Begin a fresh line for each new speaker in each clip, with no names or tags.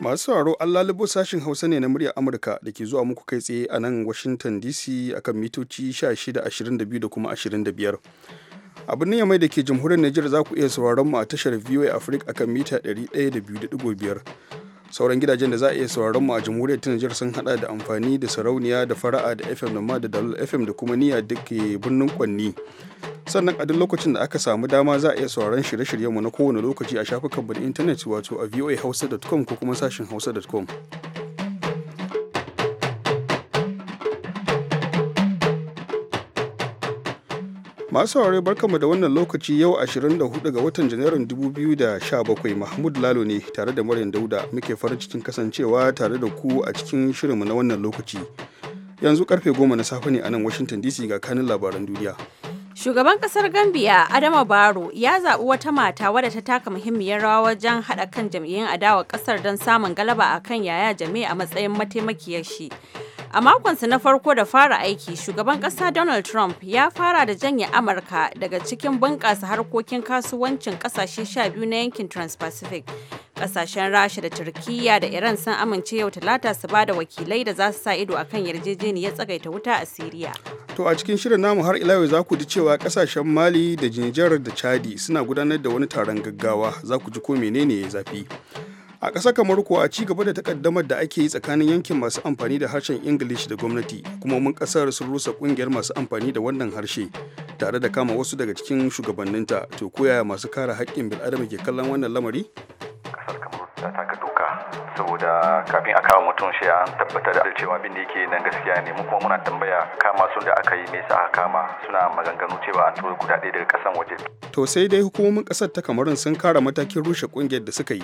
masu sauraro an lalubo sashin hausa ne na muryar amurka da ke zuwa muku kai tsaye a nan washington dc akan mitoci 1622 da kuma 25 abin ya mai da ke jamhuriyar niger za ku iya sauraron mu a tashar voa africa akan mita 102.5 sauran gidajen da za a iya sauraron mu a jamhuriyar ta sun hada da amfani da sarauniya da fara'a da FM da da dalol FM da kuma niyya da ke birnin Kwanni sannan a duk lokacin da aka samu dama za a iya sauraron shirye-shiryen mu na kowane lokaci a shafukan mu intanet wato a voahausa.com ko kuma sashin hausa.com masu saurare barkanmu da wannan lokaci yau 24 ga watan janairun 2017 mahmud lalo ne tare da maryam dauda muke farin cikin kasancewa tare da ku a cikin shirinmu na wannan lokaci yanzu karfe goma na safe ne a nan washington dc ga kanin labaran duniya
Shugaban kasar Gambia Adama Baro ya zaɓi wata mata wadda ta taka muhimmiyar rawa wajen haɗa kan jam'iyyun adawa kasar don samun galaba a kan yaya jami'a a matsayin mataimakiyar shi. A makonsa na farko da fara aiki, shugaban ƙasa Donald Trump ya fara da janye Amurka daga cikin bunƙasa harkokin kasuwancin ƙasashe biyu na yankin Trans-Pacific. Ƙasashen Rasha da Turkiyya da Iran sun amince yau Talata su ba da wakilai da za su sa ido akan yarjejeniyar tsagaita wuta a Siriya.
To a cikin shirin namu har ila yau za ku ji cewa ƙasashen Mali da Nijar da Chadi suna gudanar da wani taron gaggawa za ku ji ko menene ya zafi. a ƙasar kamar kuwa a ci gaba da takaddamar da ake yi tsakanin yankin masu amfani da harshen ingilish da gwamnati kuma mun ƙasar sun rusa ƙungiyar masu amfani da wannan harshe tare da kama wasu daga cikin shugabanninta to koyaya masu kare haƙƙin bil'adama ke kallon wannan lamari
ƙasar kamar ta taka doka saboda kafin a kama mutum shi an tabbatar da cewa abin da yake nan gaskiya ne mu kuma muna tambaya kama sun da aka yi me yasa aka kama suna maganganu cewa an tura kudade daga ƙasan waje
to sai dai hukumomin ƙasar ta kamarun sun kara matakin rushe ƙungiyar da suka yi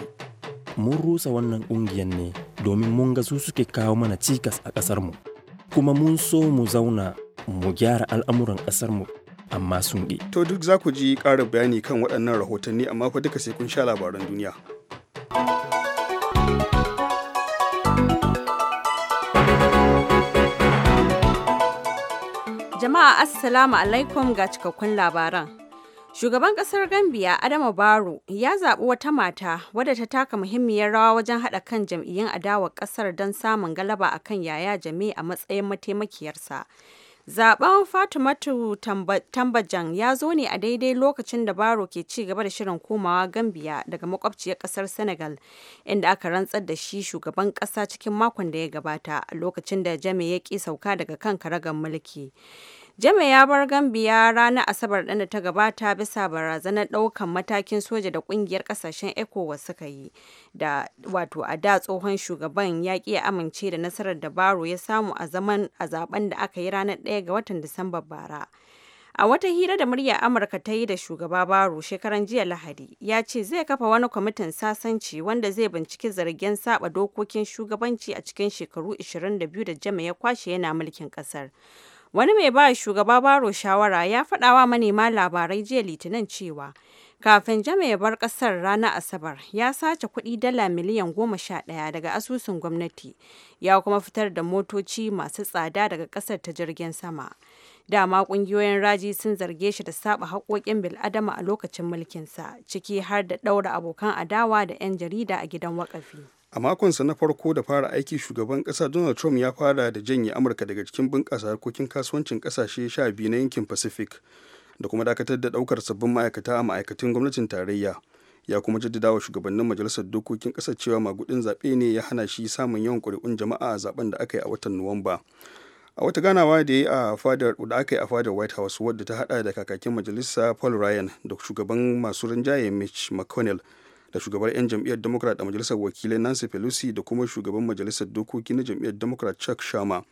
mun rusa wannan kungiyar ne domin mun ga su suke kawo mana cikas a mu kuma mun so mu zauna mu gyara al'amuran mu
amma sun ɗi. To duk za ku ji ƙarin bayani kan waɗannan rahotanni amma fa duka sai kun sha labaran duniya.
Jama'a Assalamu alaikum ga cikakkun labaran. Shugaban kasar Gambia Adama baro ya zaɓi wata mata wadda ta taka muhimmiyar rawa wajen haɗa kan jam'iyyun adawar ƙasar don samun galaba akan Yaya jami' a matsayin mataimakiyarsa. Zaben Fatimatu Tambajan ya zo ne a daidai lokacin da Baro ke ci gaba da shirin komawa Gambia daga makwabciyar kasar Senegal, inda aka rantsar da shi shugaban kasa cikin makon da ya gabata a lokacin da jami ya ki sauka daga kan karagar mulki. jami ya bar Gambia ranar Asabar ɗin da ta gabata bisa barazanar ɗaukan matakin soja da ƙungiyar ƙasashen ECOWAS suka yi. Da wato a da tsohon shugaban ya ƙi ya amince da nasarar da Baro ya samu a zaman a zaben da aka yi ranar ɗaya ga watan Disamba bara. A wata hira da muryar Amurka ta yi da shugaba Baro shekaran jiya Lahadi, ya ce zai kafa wani kwamitin sasanci wanda zai binciki zargin saba dokokin shugabanci a cikin shekaru 22 da jami ya kwashe yana mulkin ƙasar Wani mai ba shugaba baro shawara ya faɗawa manema labarai jiya Litinin cewa kafin jama ya bar kasar ranar Asabar, ya sace kuɗi dala miliyan goma sha ɗaya daga asusun gwamnati, ya kuma fitar da motoci masu tsada daga ƙasar ta jirgin sama. Dama ƙungiyoyin raji sun zarge shi da saba haƙoƙin bil'adama a lokacin mulkinsa, ciki har da ɗaura abokan adawa da 'yan jarida a gidan waƙafi.
a makonsa na farko da fara aiki shugaban kasa donald trump ya fara da janye amurka daga cikin bunƙasa harkokin kasuwancin kasashe sha biyu na yankin pacific da kuma dakatar da ɗaukar sabbin ma'aikata a ma'aikatan gwamnatin tarayya ya kuma jaddada wa shugabannin majalisar dokokin kasa cewa magudin zaɓe ne ya hana shi samun yawan ƙuri'un jama'a a zaben da aka yi a watan nuwamba a wata ganawa da a fadar da aka yi a fadar white house wadda ta hada da kakakin majalisa paul ryan da shugaban masu rinjaye mitch mcconnell da shugabar 'yan jam'iyyar democrat a majalisar wakilai nancy pelosi da kuma shugaban majalisar dokoki na jam'iyyar democrat chuck sharma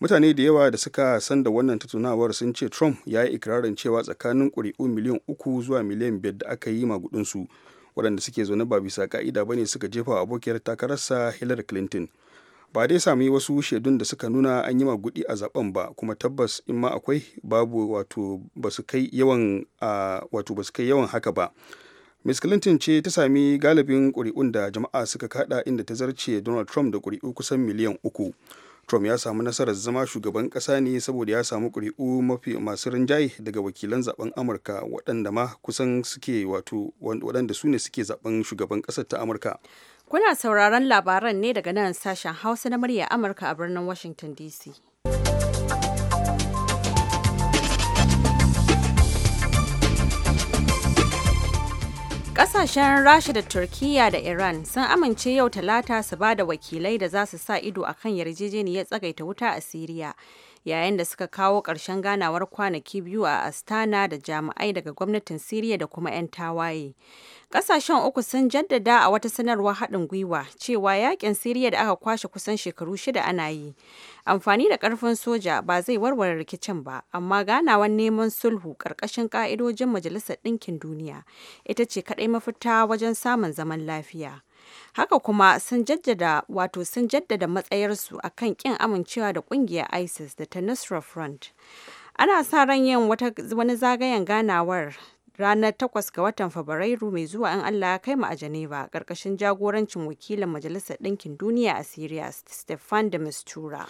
mutane da yawa da suka san da wannan tattaunawar sun ce trump ya yi ikirarin cewa tsakanin ƙuri'u miliyan uku zuwa miliyan biyar da aka yi gudunsu waɗanda suke zaune ba bisa ka'ida ba ne suka jefa abokiyar takararsa hillary clinton ba dai sami wasu shaidun da suka nuna an yi magudi a zaben ba kuma tabbas in ma akwai babu wato ba su kai yawan haka ba Ms. Clinton ce ta sami galibin ƙuri'un da jama'a suka kaɗa inda ta zarce Donald Trump da ƙuri'u kusan miliyan uku. Trump ya samu nasarar zama shugaban ƙasa ne saboda ya samu ƙuri'u mafi masu rinjaye daga wakilan zaben Amurka waɗanda ma kusan suke wato waɗanda su ne suke zaben shugaban ƙasar ta Amurka.
Kuna sauraron labaran ne daga nan sashen Hausa na murya Amurka a birnin Washington DC. Kasashen Rasha da Turkiyya da Iran sun amince yau talata su ba da wakilai da za su sa ido a kan yarjejeniyar tsagaita wuta a Siriya, yayin da suka kawo ƙarshen ganawar kwanaki biyu a Astana da jami'ai daga gwamnatin Siriya da kuma 'yan tawaye. Ƙasashen uku sun jaddada a wata sanarwar haɗin gwiwa cewa yakin Siriya da aka kwashe kusan shekaru shida ana yi. Amfani da ƙarfin soja ba zai warware rikicin ba, amma ganawan neman sulhu ƙarƙashin ƙa'idojin Majalisar Ɗinkin Duniya ita ce kaɗai mafita wajen samun zaman lafiya. Haka kuma sun jaddada wato sun jaddada matsayarsu akan ƙin amincewa da ƙungiyar ISIS da ta Nusra Front. ana sa ran yin wani zagayen ganawar ranar 8 ga watan Fabrairu mai zuwa in Allah ya kai mu a Geneva karkashin jagorancin wakilan Majalisar Ɗinkin Duniya a Syria Stefan de Mistura.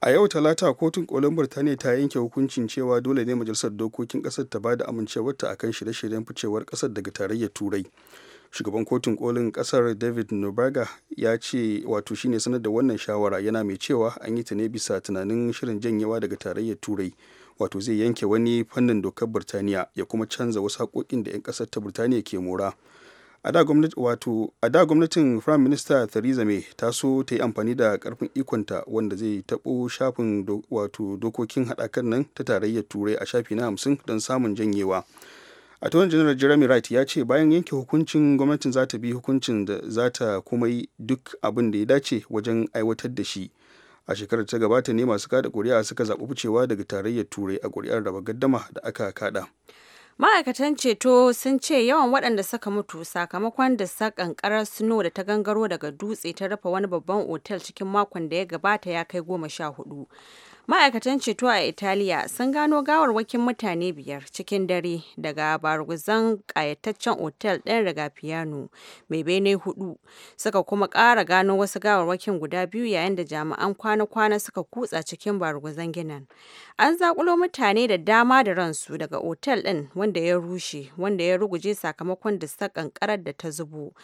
A yau Talata kotun kolin Birtaniya ta yanke hukuncin cewa dole ne Majalisar Dokokin kasar ta bada amincewarta akan shirye-shiryen ficewar kasar daga tarayyar Turai. shugaban kotun kolin kasar david nuberger ya ce wato shine sanar da wannan shawara yana mai cewa an yi ta ne bisa tunanin shirin janyewa daga tarayyar turai wato zai yanke wani fannin dokar birtaniya ya kuma canza wasu haƙoƙin da 'yan ƙasar ta birtaniya ke mora a da gwamnatin prime minister theresa may ta so ta yi amfani da karfin ikonta wanda zai taɓo shafin wato dokokin haɗakar nan ta tarayyar turai a shafi na hamsin don samun janyewa attorney general jeremy wright ya ce bayan yanke hukuncin gwamnatin za ta bi hukuncin da za ta kuma yi duk abin da ya dace wajen aiwatar da shi a shekarar ta gabata ne masu kada kuri'a suka zaɓi ficewa daga tarayyar turai a kuri'ar raba gaddama da aka kada
ma'aikatan ceto sun ce yawan waɗanda suka mutu sakamakon da sa kankarar suno da ta gangaro daga dutse ta rufe wani babban otel cikin makon da ya gabata ya kai goma sha hudu Ma'aikatan ceto a Italiya sun gano gawarwakin mutane biyar cikin dare daga barguzan ƙayataccen otel ɗin piano mai bene hudu suka kuma ƙara gano wasu gawarwakin guda biyu yayin da jami'an kwana-kwana suka kutsa cikin barguzan ginin. An zakulo mutane da dama da ransu daga otel ɗin wanda ya rushe wanda ya ruguje sakamakon da ta kankarar da ta zubo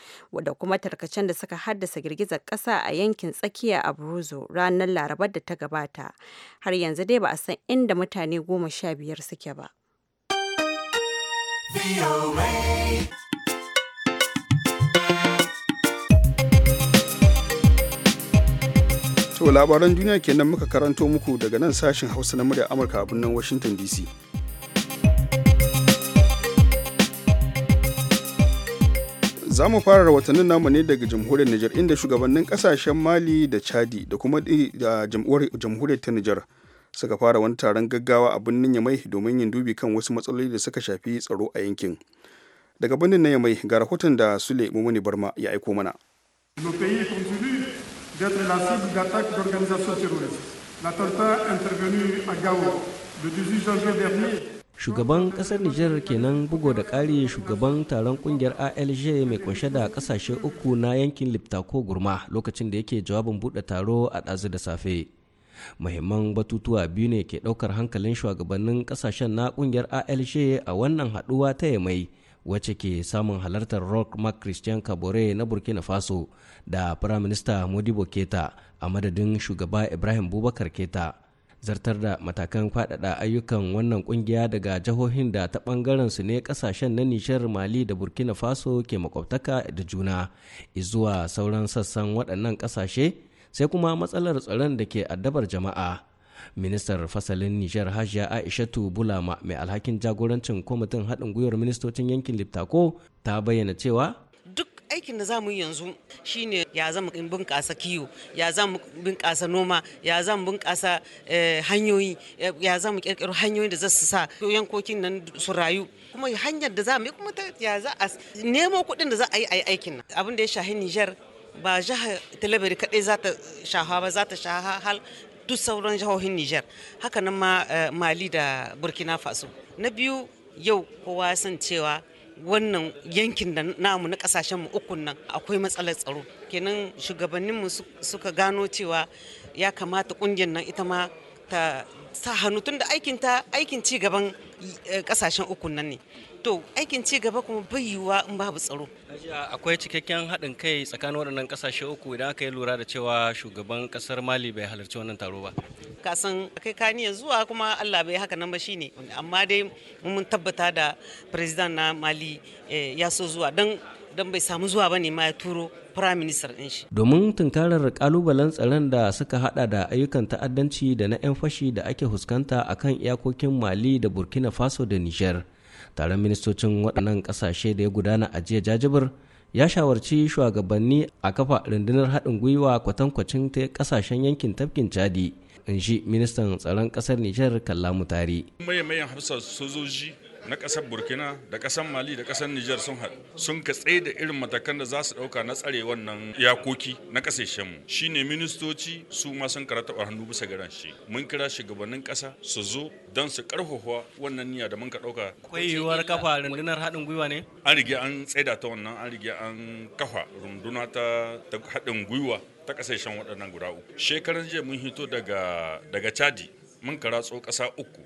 da kuma tarkacen da suka haddasa girgizar ƙasa a yankin tsakiya a buruzo ranar Larabar da ta gabata. har yanzu dai ba a san inda mutane goma sha biyar suke ba.
To labaran duniya kenan muka karanto muku daga nan sashen Hausa na murya Amurka a birnin Washington DC. za mu fara watannin namu ne daga jamhuriyar Nijar inda shugabannin kasashen Mali da Chadi da kuma eh, da jamhuriyar ta Nijar suka fara wani taron gaggawa a birnin Yamai domin yin dubi kan wasu matsaloli da suka shafi tsaro a yankin. Daga birnin na Yamai ga rahoton da Sule Mumuni Barma ya aiko mana.
Le
shugaban kasar nijar kenan bugo da ƙari shugaban taron kungiyar alj mai kunshe da kasashe uku na yankin liptako gurma lokacin da yake jawabin buɗe taro a ɗazu da safe muhimman batutuwa biyu ne ke ɗaukar hankalin shugabannin kasashen na kungiyar alj a wannan haduwa ta yamai wacce ke samun halartar rock mark christian kabore na burkina faso da firaminista modibo keta a madadin shugaba ibrahim bubakar keta zartar da matakan faɗaɗa ayyukan wannan ƙungiya daga jihohin da ta ɓangaren su ne ƙasashen na nishar mali da burkina faso ke makwabtaka da juna zuwa sauran sassan waɗannan ƙasashe sai kuma matsalar tsaron da ke addabar jama'a ministar fasalin nijar hajiya aishatu bulama mai alhakin jagorancin kwamitin haɗin gwiwar ministocin yankin liptako ta bayyana cewa
aikin da zamu yi yanzu shine ya zama bunƙasa kiwo ya zama bunƙasa noma ya zama bunƙasa eh, hanyoyi ya zama kirkiro hanyoyin da zasu su sa yankokin nan su rayu kuma hanyar da za mu yi kuma ya za a nemo kuɗin da za a yi a yi aikin nan abin da ya shahi Niger ba jihar Talabari kaɗai za ta shaha ba za ta shaha hal duk sauran jihohin Niger haka nan ma eh, Mali da Burkina Faso na biyu yau kowa san cewa wannan yankin da namu na kasashen mu ukun nan akwai matsalar tsaro kenan shugabanninmu suka gano cewa ya kamata kungiyar nan ita ma ta sa hannu tun da aikin aikin ci gaban eh, kasashen ukun nan ne to aikin ci gaba kuma bai yiwuwa in babu tsaro
akwai cikakken haɗin kai tsakanin waɗannan ƙasashe uku idan aka yi lura da cewa shugaban ƙasar mali bai halarci wannan taro
ba ka san kai kaniya zuwa kuma allah bai haka nan ba shine amma dai mun tabbata da president na mali eh, ya so zuwa don don bai samu zuwa ba ne ma ya turo prime minister din shi.
Domin tunkarar kalubalen tsaron da suka hada da ayyukan ta'addanci da na 'yan fashi da ake fuskanta akan iyakokin Mali da Burkina Faso da Niger. taron ministocin waɗannan ƙasashe da ya gudana a jiya jajibir ya shawarci shugabanni a kafa rundunar haɗin gwiwa kwatankwacin ta ƙasashen yankin tafkin chadi in shi ministan tsaron ƙasar nijar kalla mutari
mayan hafsa sojoji na ƙasar burkina da ƙasar mali da ƙasar niger sun haɗu sun ka da irin matakan da za su ɗauka na tsare wannan iyakoki na ƙasashen mu. Shi ne ministoci su ma sun karata hannu bisa garan shi mun kira shugabannin ƙasa su zo don su ƙarfafa wannan niyya da mun ka ɗauka
kwaiwar kafa rundunar haɗin gwiwa ne
an rige an tsaida ta wannan an rige an kafa runduna ta haɗin gwiwa ta ƙasashen waɗannan guda uku shekaran jiya mun hito daga daga chadi mun karatso ƙasa uku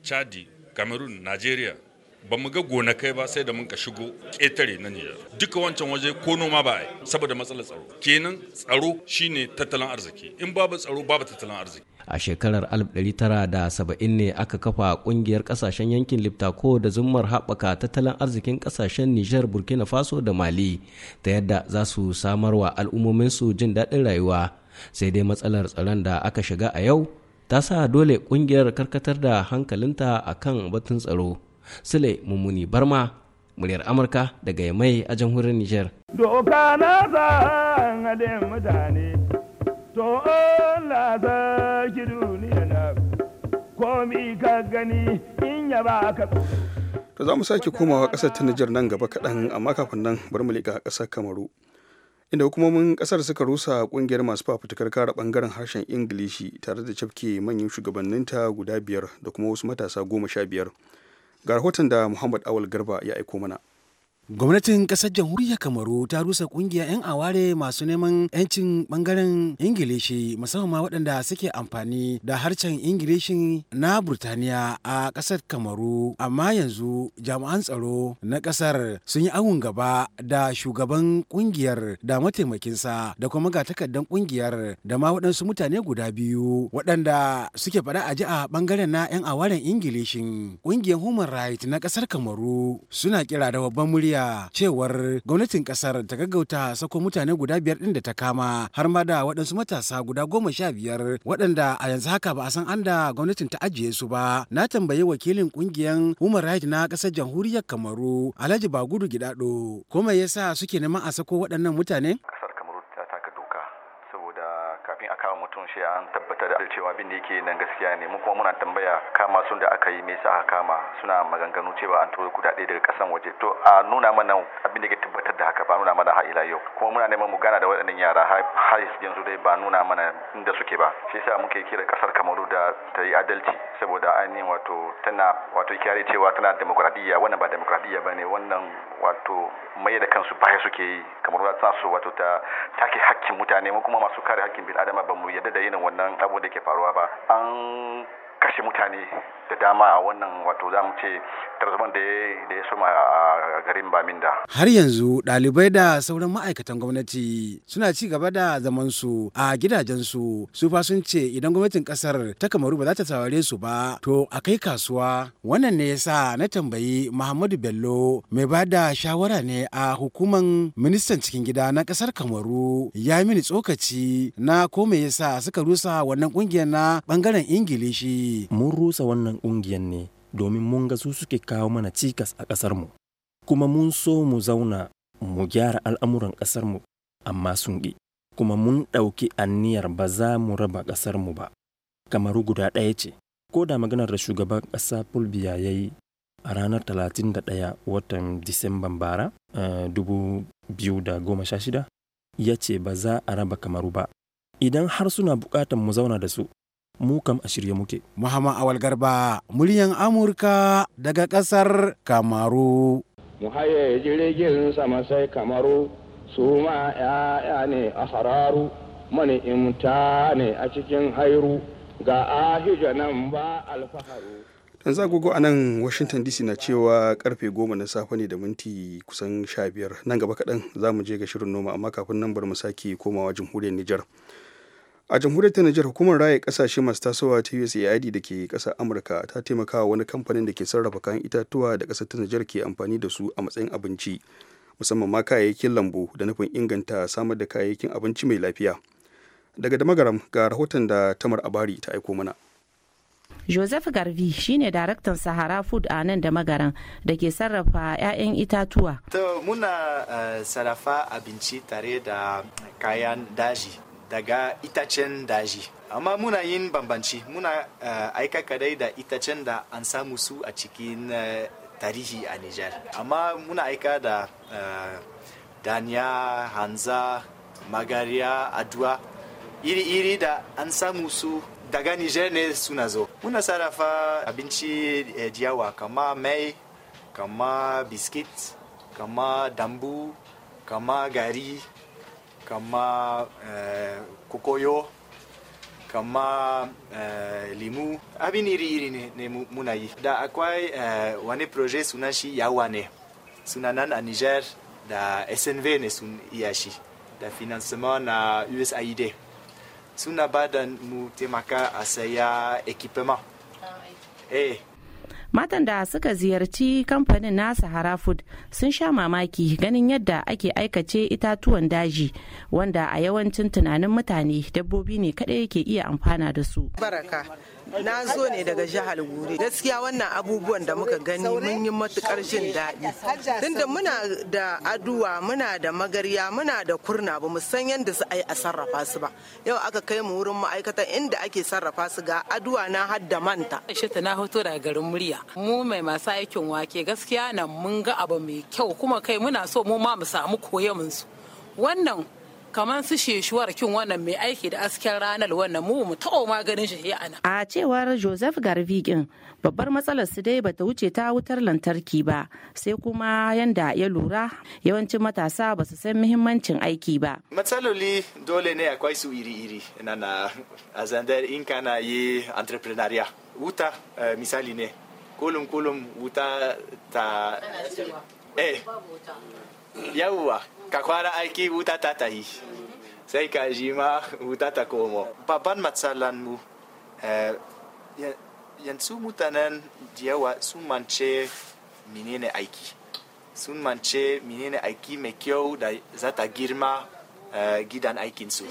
Cadi. cameroon nigeria ba mu ga gonakai ba sai da mun ka shigo ƙetare na Nijar. Duka wancan waje ko noma ba a yi saboda matsalar tsaro. Kenan tsaro shine tattalin arziki. In babu tsaro babu tattalin arziki.
A shekarar 1970 ne aka kafa kungiyar kasashen yankin ko da zummar haɓaka tattalin arzikin kasashen Nijar, Burkina Faso da Mali ta yadda za su samarwa su jin daɗin rayuwa. Sai dai matsalar tsaron da aka shiga a yau ta sa dole kungiyar karkatar da hankalinta a kan batun tsaro sule mummuni barma muryar amurka daga mai a jamhuriyar niger
to za mu sake komawa ƙasar ta Nijar nan gaba kaɗan amma kafin nan bari mu leƙa ƙasar Kamaru. inda hukumomin kasar suka rusa kungiyar masu fafutukar kara bangaren harshen ingilishi tare da cafke manyan shugabanninta guda biyar da kuma wasu matasa goma sha biyar ga rahoton da muhammad awal garba ya aiko mana
Gwamnatin ƙasar jamhuriyar Kamaru ta rusa ƙungiyar 'yan aware masu neman 'yancin ɓangaren Ingilishi musamman ma waɗanda suke amfani da harshen Ingilishi na Burtaniya a ƙasar Kamaru. Amma yanzu jami'an tsaro na ƙasar sun yi awun gaba da shugaban ƙungiyar da mataimakinsa da kuma ga takardar ƙungiyar da ma waɗansu mutane guda biyu waɗanda suke faɗa a ji a ɓangaren na 'yan awaren Ingilishin. Ƙungiyar Human Rights na ƙasar Kamaru suna kira da babban murya da cewar gwamnatin kasar ta gaggauta sako mutane guda biyar din da ta kama har ma da waɗansu matasa guda goma sha biyar waɗanda a yanzu haka ba a san an da gwamnatin ta ajiye su ba na tambayi wakilin kungiyan human rights na ƙasar jamhuriyar kamaru alhaji bagudu gidado ko me yasa suke neman a sako waɗannan
mutane
da kafin a kama mutum shi an tabbatar da cewa bin da yake nan gaskiya ne mun kuma muna tambaya kama sun da aka yi me yasa aka kama suna maganganu cewa an turo kudade daga kasan waje to a nuna mana abin da yake tabbatar da haka ba nuna mana har ila yau kuma muna neman mu gana da waɗannan yara har yanzu dai ba nuna mana inda suke ba shi yasa muke kira kasar Kamaru da ta yi adalci saboda ainihin wato tana wato kyare cewa tana demokradiyya wannan ba demokradiyya ne wannan wato mai da kansu baya suke yi kamar tana so wato ta take hakkin mutane mu kuma masu kare hakkin bil adama ba mu yadda da irin wannan abu da ke faruwa ba an kashe mutane da dama a wannan wato za mu ce tarzoman da ya suma a garin Baminda.
Har yanzu ɗalibai da sauran ma'aikatan gwamnati suna ci gaba da zamansu a gidajensu su fa sun ce idan gwamnatin ƙasar ta kamaru ba za ta saurare su ba to a kai kasuwa wannan ne yasa na tambayi Muhammadu Bello mai ba da shawara ne a hukuman ministan cikin gida na ƙasar Kamaru ya mini tsokaci na ko me yasa suka rusa wannan ƙungiyar na bangaren Ingilishi mun rusa wannan ƙungiyar ne domin mun ga su suke kawo mana cikas a mu. kuma mun so mu zauna mu gyara al'amuran ƙasar mu amma sun ƙi kuma mun ɗauki anniyar ba za mu raba ƙasarmu ba kamaru guda ɗaya ce ko da maganar da shugaban ƙasa fulbiya ya yi a ranar ɗaya watan disamban bara eh, da sha shida. ya ce ba za a raba kamaru ba idan har suna buƙatar mu zauna da su mu kam a shirye muke. Muhammad Awal Garba, muryan Amurka daga ƙasar Kamaru.
Mu haye jirgin sama sai Kamaru, su ma ‘ya'ya ne a hararu, mani imta ne a cikin hairu, ga ahija nan ba alfaharu.
Dan zagogo a nan Washington DC na cewa karfe goma na safe ne da minti kusan sha biyar nan gaba kaɗan za mu je ga shirin noma amma kafin nan bar mu sake komawa jamhuriyar Nijar. a jamhuriyar ta Nijar hukumar raya kasashe masu tasowa ta USAID da ke kasar Amurka ta taimaka wani kamfanin da ke sarrafa kayan itatuwa da kasar ta Nijar ke amfani da su a matsayin abinci musamman ma kayayyakin lambu da nufin inganta samar da kayayyakin abinci mai lafiya. Daga Damagaram ga rahoton da Tamar Abari
ta aiko mana.
Joseph Garvey shine daraktan Sahara Food a nan da magaran da ke sarrafa 'ya'yan itatuwa.
To muna eh, sarrafa abinci tare da kayan daji daga itacen daji amma muna yin bambanci muna eh, aika kadai da itacen da an samu su a cikin eh, tarihi a Nijar amma muna aika da eh, danya hanza magariya aduwa iri-iri da an samu su daga Nijar ne suna zo muna sarrafa abinci jiyawa kama mai kama biskit kama dambu kama gari kama eh, kokoyo kama eh, limu abin iri iri ne, ne muna yi da akwai eh, wani proje sunan shi yawa ne suna nan a niger da snv ne sun iya shi da financement na usaid suna ba da mu taimaka a saya equipement ah, eh
matan da suka ziyarci kamfanin na sahara food sun sha mamaki ganin yadda ake aikace itatuwan daji wanda a yawancin tunanin mutane dabbobi ne kaɗai ke iya amfana da su
baraka na zo ne daga jihar gure gaskiya wannan abubuwan da muka gani mun yi matukar jin daɗi tunda muna da aduwa muna da magarya muna da kurna ba mu san yadda su ai a sarrafa su ba yau aka kai mu wurin ma'aikata inda ake sarrafa
su ga aduwa na hadda manta shita na hoto daga garin murya mu mai masu aikin wake gaskiya nan mun ga abu mai kyau kuma kai muna so mu ma mu samu koyon su wannan kamar su sheshuwar kin wannan mai aiki da asken ranar wannan mu mu taɓa maganin shi ana. A cewar Joseph Garvigin babbar matsalar su dai bata wuce ta wutar lantarki ba sai kuma yanda ya lura yawancin matasa ba su san muhimmancin aiki ba.
Matsaloli dole ne akwai su iri-iri na a zandar in kana yi entrepreneuria wuta eh, misali ne kulum-kulum wuta ta. Eh, yawwa ka kwana aiki wuta ta tahi sai ka ji ma wuta ta komo babban matsalan mu eh, yanzu mutanen yawa sun mance menene aiki sun mance menene aiki mai kyau da zata girma Eh, gidan aikin su.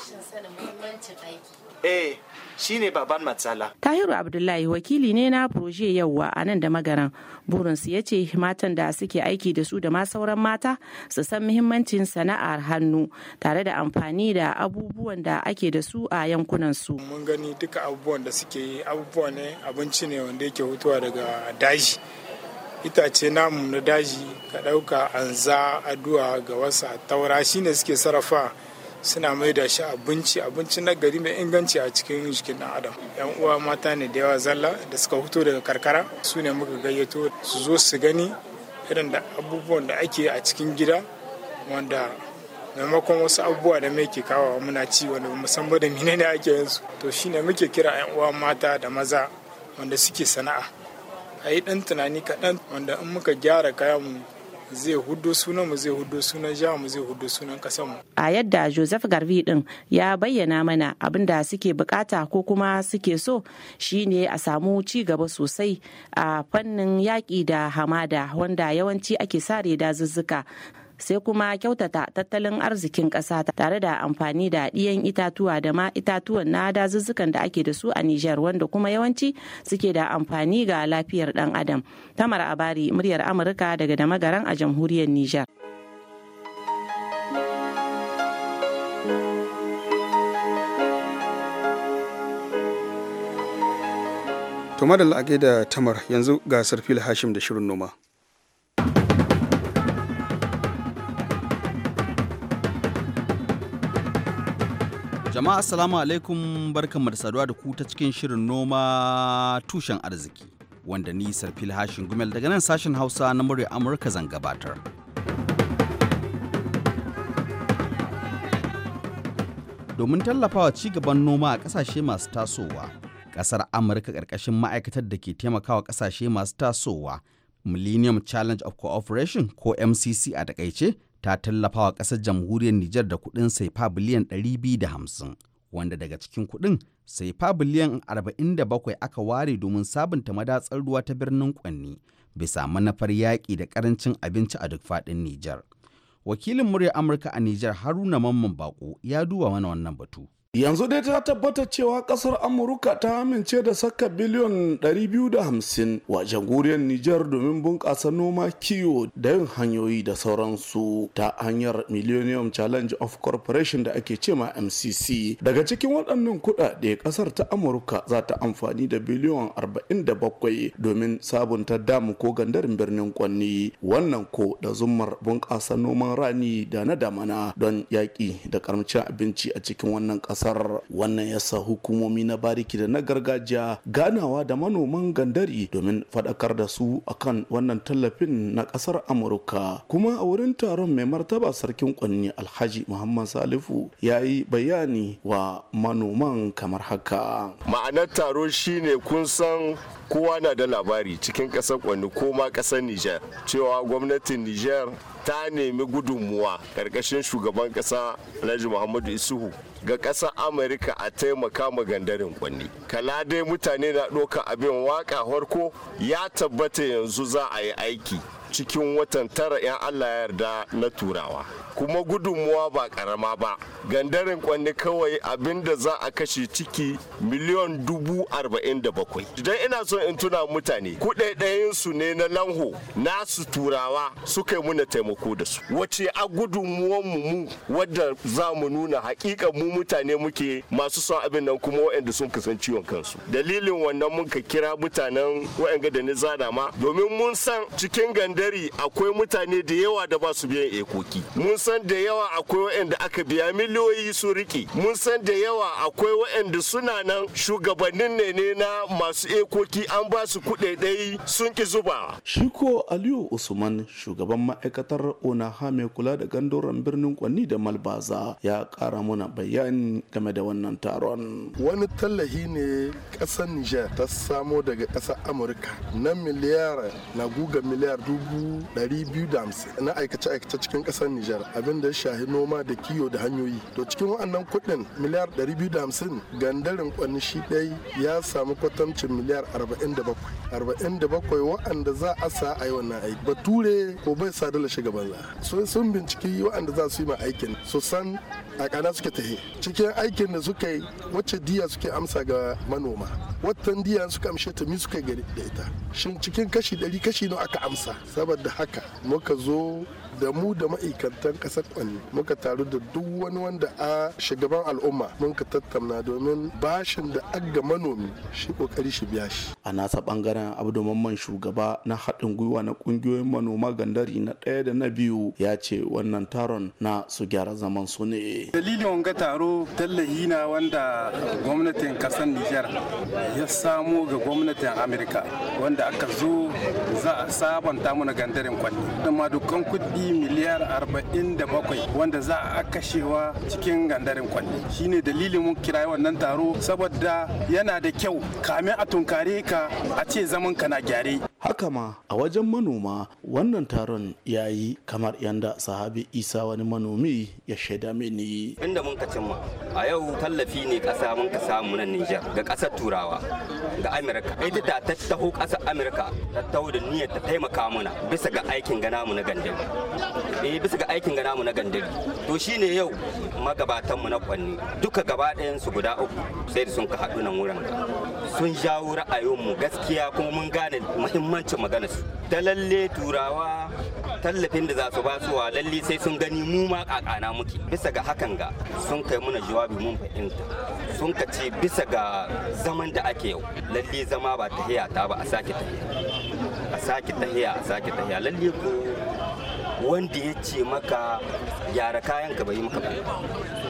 Eh, shi ne baban matsala.
Tahiru Abdullahi wakili ne na Proje Yauwa a nan da magaran. Burinsu ya ce matan da suke aiki da su da ma sauran mata su san muhimmancin sana'ar hannu tare da amfani da abubuwan da ake da su a yankunan su.
Mun gani duka abubuwan
da suke yi abubuwa ne abinci ne wanda yake hutuwa daga daji. itace
namu na daji ka ɗauka anza addu'a ga wasa taura shine suke sarrafa suna mai da shi abinci abinci na gari mai inganci a cikin jikin ɗan adam yan
uwa mata ne da yawa zalla da suka fito daga karkara su ne muka gayyato su zo su gani
irin da abubuwan da ake a cikin gida wanda maimakon wasu abubuwa da mai ke kawo muna ci wanda musamman da ne ake yin su to shine muke kira yan
uwa mata da maza wanda suke sana'a a yi ɗan tunani kaɗan wanda in muka gyara kayan mu zai hudu sunan mu zai hudo sunan jihar mu zai hudo sunan kasanmu.
a yadda Joseph Garbi din ya bayyana mana abin da suke bukata ko kuma suke so shine a samu ci gaba sosai a fannin yaƙi da hamada wanda yawanci ake sare dazuzzuka sai kuma kyautata tattalin arzikin ƙasa tare da amfani da ɗiyan itatuwa da ma itatuwan na dazuzzukan da ake da su a Nijar wanda kuma yawanci suke da amfani ga lafiyar ɗan adam. Tamar Abari muryar Amurka daga damagaran a jamhuriyar Nijar.
To madalla a da tamar yanzu ga sarfil hashim da shirin noma.
Jama'a assalamu alaikum mu da saduwa da ku ta cikin shirin noma tushen arziki wanda ni Sarfil Hashin Gumel daga nan sashen Hausa na murya Amurka zan gabatar. Domin tallafawa ci gaban noma a kasashe masu tasowa, ƙasar Amurka ƙarƙashin ma'aikatar da ke taimakawa ƙasashe masu tasowa Millennium Challenge of Cooperation ko MCC a takaice ta tallafa wa ƙasar jamhuriyar Nijar da kuɗin saifa biliyan 250 wanda daga cikin kuɗin saifa biliyan 47 aka ware domin sabunta madatsar ruwa ta birnin Kwanni bisa manufar yaƙi da ƙarancin abinci a duk faɗin Nijar. Wakilin muryar Amurka a Nijar Haruna Mamman Bako ya duba mana wannan batu.
yanzu dai ta tabbata cewa kasar amurka ta amince da saka biliyon 250 wa jamhuriyar nijar domin bunƙasa noma kiwo da yin hanyoyi da sauransu ta hanyar millennium challenge of corporation da ake cema mcc daga cikin waɗannan kuɗaɗe kasar ta amurka za ta amfani da biliyon 47 domin sabunta damu ko gandarin birnin kwanni wannan ko da zumar bunƙasa noman rani da na damana don yaƙi da ƙaramcin abinci a cikin wannan ƙasa kasar wannan ya sa hukumomi na bariki da na gargajiya ganawa da manoman gandari domin faɗakar da su akan wannan tallafin na kasar amurka kuma a wurin taron mai martaba sarkin kwanni alhaji muhammad salifu ya yi bayani wa manoman kamar haka
ma'anar taro shine kun san kowa na da labari cikin ƙasar kwanni ko ma ƙasar niger cewa gwamnatin niger ta nemi gudunmuwa ƙarƙashin shugaban ƙasa alhaji muhammadu isuhu ga ƙasa ƙasar amurka a taimaka ma gandarin kwanni kala dai mutane na ɗoka abin waka farko ya tabbata yanzu za a yi aiki cikin watan tara 'yan allah yarda na turawa kuma gudunmuwa ba ƙarama ba gandarin kwanne kawai abin da za a kashe ciki miliyon dubu arba'in da bakwai idan ina son in tuna mutane kuɗaɗayin su ne na lanho nasu turawa suka yi muna taimako da su wace a gudunmuwan mu wadda za mu nuna hakika mu mutane muke masu son abin nan kuma waɗanda sun kasan ciwon kansu dalilin wannan mun ka kira mutanen waɗanda da ni zada ma domin mun san cikin gandari akwai mutane da yawa da ba su biyan ekoki mun san da yawa akwai waɗanda aka biya miliyan miliyoyi su riki mun san da yawa akwai waɗanda suna nan shugabannin ne ne na masu ekoki an ba su kuɗaɗai sun ki zuba
shiko aliyu usman shugaban ma'aikatar onaha mai kula da gandoron birnin kwanni da malbaza ya ƙara muna bayani game da wannan taron wani tallahi ne ƙasar nijar ta samo daga ƙasar amurka na miliyar na guga miliyar dubu ɗari biyu da hamsin na aikace-aikace cikin ƙasar nijar abinda ya shahi noma da kiyo da hanyoyi kuɗi to cikin waɗannan kuɗin miliyar 250 gandarin kwanni shi ɗai ya samu kwatancin miliyar 47 47 waɗanda za a sa a yi wannan aiki bature ko bai dala shiga banza sun sun binciki waɗanda za su yi ma aikin su san a kana suke tahe cikin aikin da suka yi wacce diya suke amsa ga manoma watan diya suka amshe ta mi suka gari da ita shin cikin kashi 100 kashi nawa aka amsa saboda haka muka zo da mu da ma'aikatan ƙasar kwanne muka taru da duk wani wanda a shugaban al'umma mun ka tattauna domin bashin da agga manomi shi kokari shi biya shi a nasa bangaren abdu mamman shugaba na haɗin gwiwa na ƙungiyoyin manoma gandari na ɗaya da na biyu ya ce wannan taron na su gyara zaman su ne
dalilin wanga taro tallahi na wanda gwamnatin ƙasar nijar ya samo ga gwamnatin amerika wanda aka zo za a sabanta mana gandarin kwanne da madukan kuɗi arba'in miliyar 47 wanda za a kashewa cikin gandarin kwanne shine dalilin mun kira wannan taro saboda yana da kyau kamin a tunkare ka a ce zaman ka na gyare
haka ma a wajen manoma wannan taron ya yi kamar yanda sahabi isa wani manomi ya shaida mini
inda mun ka ma a yau tallafi ne kasa mun ka samu nan nijar ga kasar turawa ga amurka ita ta taho kasar amurka ta taho da niyyar ta taimaka mana bisa ga aikin gana mu na gandari eh bisa ga aikin gana mu na gandari to shine yau magabatan mu na kwanni duka gaba ɗayan su guda uku sai da sun ka haɗu nan wurin sun jawo ra'ayin mu gaskiya kuma mun gane muhimmanci muhimmancin magana su da lalle turawa tallafin da za su ba su wa lalle sai sun gani mu ma kakana muke bisa ga hakan ga sun kai muna jawabi mun fahimta sun ka ce bisa ga zaman da ake yau lalle zama ba hiya ta ba a sake tahiya a sake tahiya a sake tahiya lalle ko wanda ya ce maka gyara kayan ka bai maka ba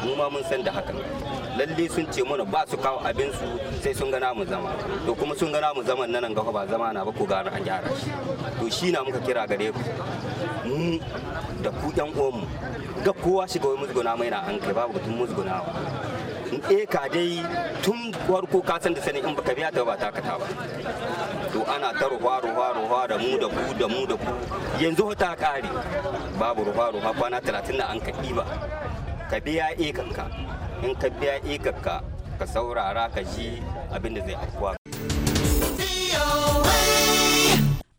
mu ma mun san da hakan lalle sun ce mana ba su kawo abin su sai sun gana mu zama to kuma sun gana mu zaman nan ga ba zama na ba ku gane an gyara shi to shi na muka kira gare ku mu da ku yan uwanmu ga kowa shiga wai musguna mai na an kai babu batun musgunawa eh ka dai tun farko ka san da sanin in baka biya ta ba ta kata ba to ana ta ruwa ruwa ruwa da mu da ku da mu da ku yanzu ta kare babu ruwa ruwa kwana 30 da an kaɗi ba ka biya eh kanka in ka biya ikakka ka saurara ka ji abin da zai afuwa.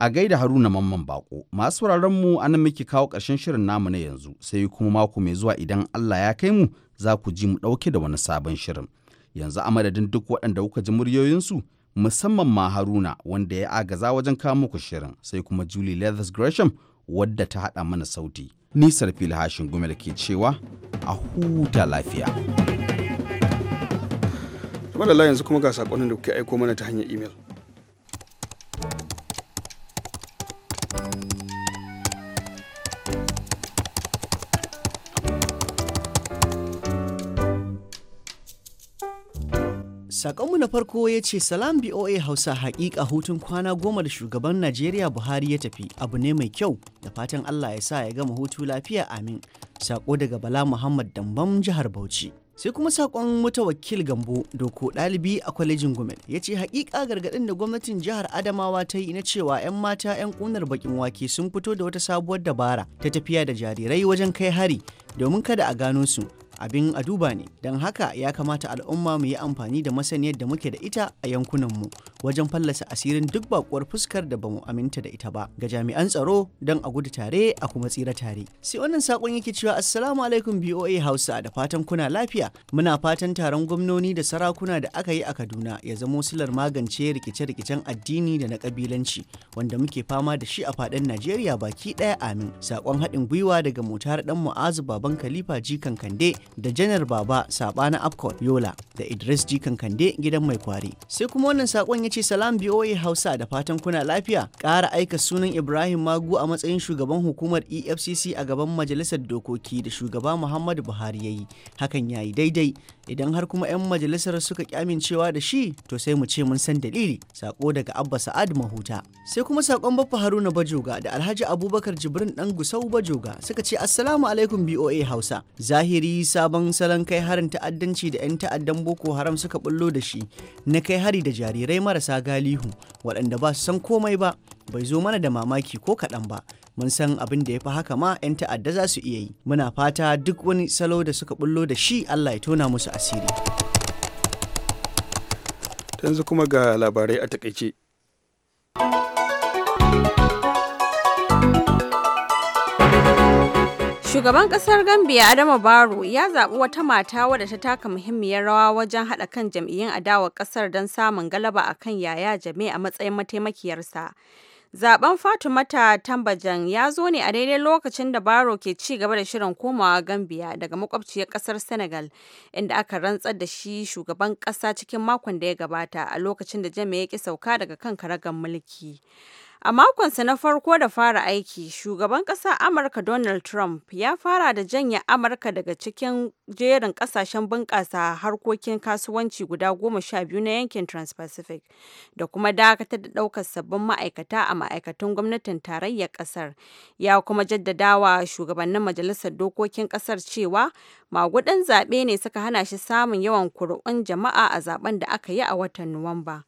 A gaida Haruna Mamman Bako, masu wuraren mu anan muke kawo ƙarshen shirin namu na yanzu, sai kuma mako mai zuwa idan Allah ya kai mu za ku ji mu ɗauke da wani sabon shirin. Yanzu a madadin duk waɗanda kuka ji muryoyinsu, musamman ma Haruna wanda ya agaza wajen kawo muku shirin, sai kuma Julie Leathers Gresham wadda ta haɗa mana sauti. Nisar hashin gumel ke cewa a huta lafiya. Wadda yanzu kuma ga saƙonin da kuke aiko
mana ta hanyar imel.
Sakonmu na farko ya ce salam BOA Hausa hakika hutun kwana goma da shugaban Najeriya Buhari ya tafi abu ne mai kyau da fatan Allah ya sa ya gama hutu lafiya amin. Sako daga Bala Muhammad Dambam jihar Bauchi. Sai kuma sakon wakil Gambo doko ɗalibi a kwalejin Gumel ya ce hakika gargaɗin da gwamnatin jihar Adamawa ta yi na cewa 'yan mata 'yan kunar bakin wake sun fito da wata sabuwar dabara ta tafiya da jarirai wajen kai hari domin kada a gano su abin a duba ne don haka ya kamata al'umma mu yi amfani da masaniyar da muke da ita a yankunanmu wajen fallasa asirin duk bakuwar fuskar da bamu aminta da ita ba ga jami'an tsaro don a gudu tare a kuma tsira tare sai wannan sakon yake cewa assalamu alaikum BOA Hausa da fatan kuna lafiya muna fatan taron gwamnoni da sarakuna da aka yi a Kaduna ya zamo silar magance rikice-rikicen addini da na kabilanci wanda muke fama da shi a fadin Najeriya baki ɗaya amin sakon haɗin gwiwa daga motar dan Mu'azu baban Khalifa Jikan Kande da Janar Baba Sabana Afkon Yola da Idris Jikan Kande gidan mai kwari sai kuma wannan sakon ya ce salam BOA Hausa da fatan kuna lafiya. Ƙara aika sunan Ibrahim Magu a matsayin shugaban hukumar EFCC a gaban majalisar dokoki da shugaba Muhammadu Buhari ya yi. Hakan ya yi daidai. Idan har kuma 'yan majalisar suka kyamincewa da shi to sai mu ce mun san dalili. Sako daga Abba Sa'ad Mahuta. Sai kuma sakon Baffa Haruna Bajoga da Alhaji Abubakar Jibrin dan Gusau Bajoga suka ce Assalamu alaikum BOA Hausa. Zahiri sabon salon kai harin ta'addanci da 'yan ta'addan Boko Haram suka bullo da shi na kai hari da jarirai mara marasa galihu waɗanda ba su san komai ba bai zo mana da mamaki ko kaɗan ba mun san abin da ya fi haka ma 'yan ta'adda za su iya yi muna fata duk wani salo da suka bullo da shi allah ya tona musu asiri yanzu kuma
ga labarai a takaice
Shugaban kasar Gambia Adama Barrow ya zaɓi wata mata wadda ta taka muhimmiyar rawa wajen haɗa kan jam'iyyun adawar ƙasar don samun galaba a kan Yaya Jame a matsayin mataimakiyarsa. Zaben Fatumata Tambajan ya zo ne a daidai lokacin da Barrow ke ci gaba da shirin komawa Gambia daga makwabciyar ƙasar Senegal, inda aka rantsar da shi shugaban ƙasa cikin makon da ya gabata a lokacin da jami'ai ya ƙi sauka daga kan karagar mulki. A makonsa na farko da fara aiki, shugaban ƙasa Amurka Donald Trump ya fara da janye Amurka daga cikin jerin ƙasashen bunƙasa harkokin kasuwanci guda goma sha biyu na yankin Trans-Pacific da kuma dakatar da ɗaukar sabbin ma'aikata a ma'aikatan gwamnatin tarayyar ƙasar. Ya kuma jaddadawa shugabannin majalisar dokokin ƙasar cewa magudan zaɓe ne suka hana shi samun yawan kuri'un jama'a a zaben da aka yi a watan Nuwamba.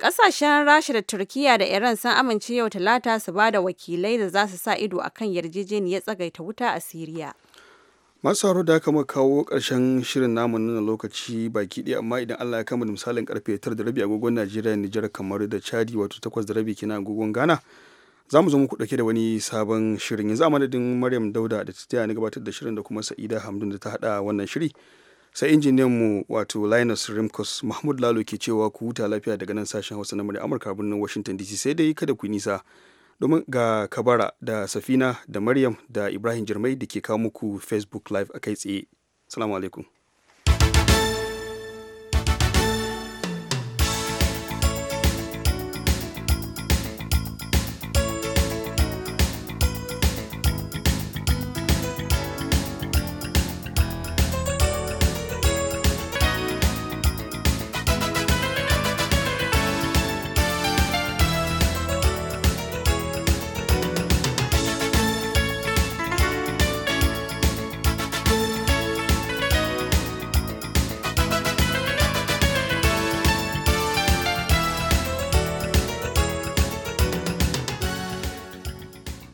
Ƙasashen Rasha da Turkiyya da Iran sun amince yau Talata su ba da wakilai da za su sa ido a kan yarjejeniyar tsagaita wuta a Siriya.
Masu haro da aka kawo karshen shirin namu nuna lokaci baki ɗaya amma idan Allah ya kama da misalin karfe tara da rabi agogon Najeriya Nijar kamar da Chadi wato takwas da rabi kina agogon Ghana. Za mu zo muku ɗauke da wani sabon shirin yanzu a madadin Maryam Dauda da ta na gabatar da shirin da kuma Sa'ida Hamdun da ta haɗa wannan shiri. sai injiniyan mu wato linus rimkos mahmud lalo ke cewa ku huta lafiya daga nan sashen hausa na murya amurka birnin washington dc sai dai kada ku nisa domin ga kabara da safina da maryam da ibrahim jirmai da ke kawo muku facebook live a kai tsaye salamu alaikum